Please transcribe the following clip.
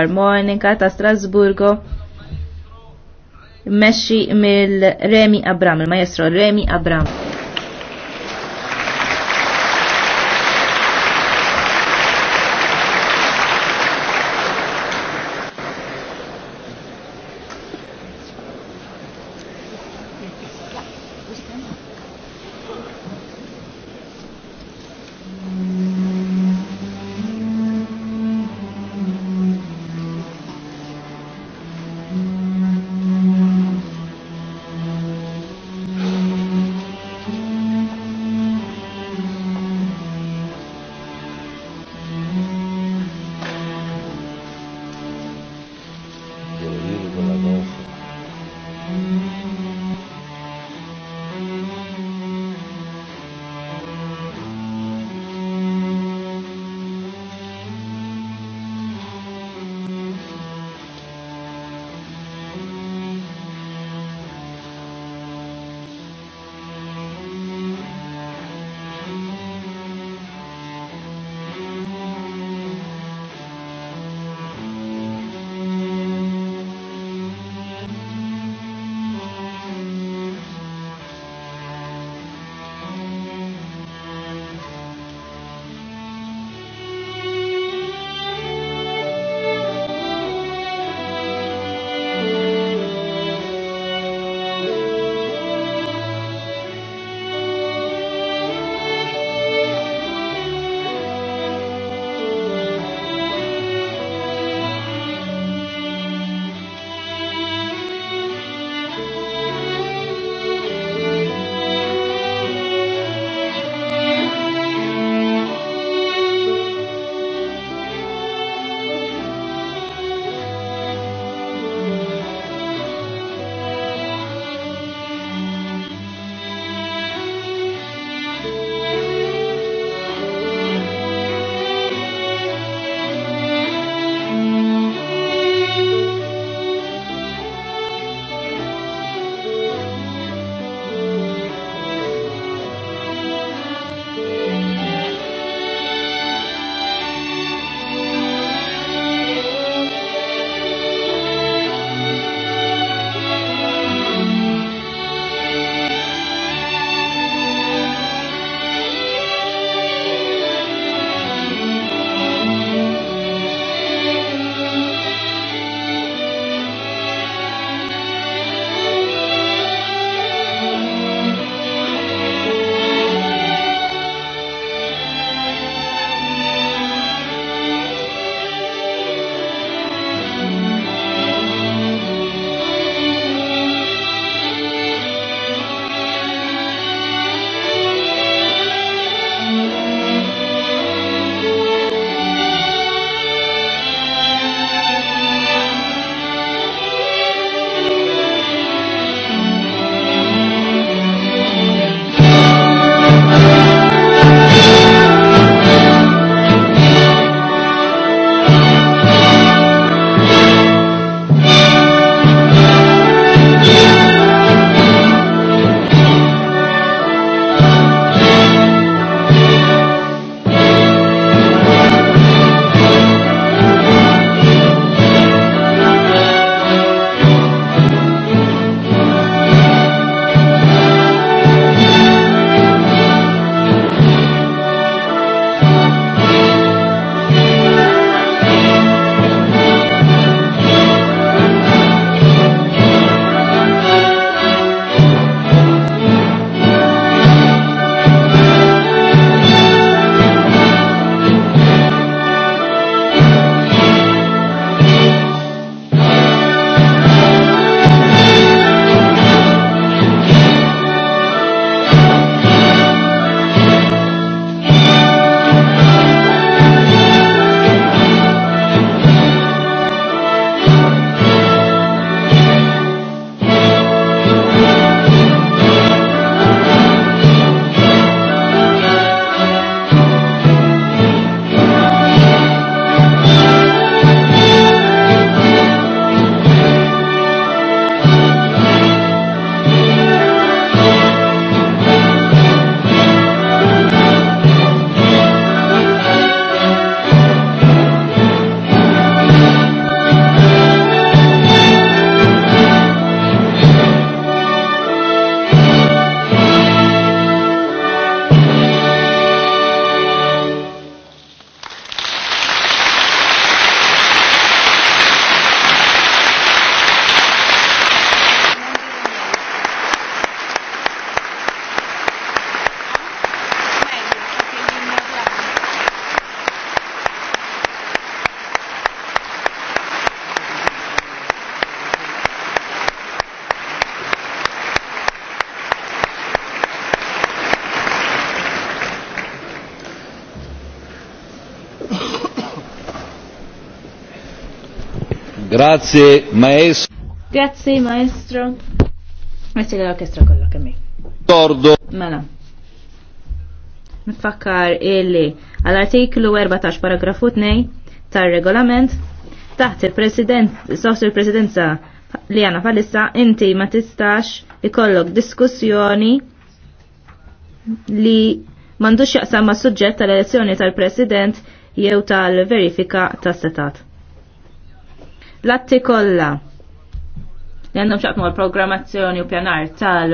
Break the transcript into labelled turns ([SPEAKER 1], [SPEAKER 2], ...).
[SPEAKER 1] Armonika ta' Strasburgo meċi mill-Remi Abram, il-maestro Remi Abram.
[SPEAKER 2] Grazie, maestro.
[SPEAKER 1] Grazie, maestro. Grazie l con la kemmi.
[SPEAKER 2] Tordo. Mela.
[SPEAKER 1] Nfakkar illi għall-artiklu 14 paragrafu 2 tar-regolament taħt il-president, sos il-presidenza li għana palissa inti ma tistax ikollok diskussjoni li mandux jaqsam ma' suġġett tal-elezzjoni tal-president jew tal-verifika tas-setat l-atti kollha li l-programmazzjoni u pjanar
[SPEAKER 3] tal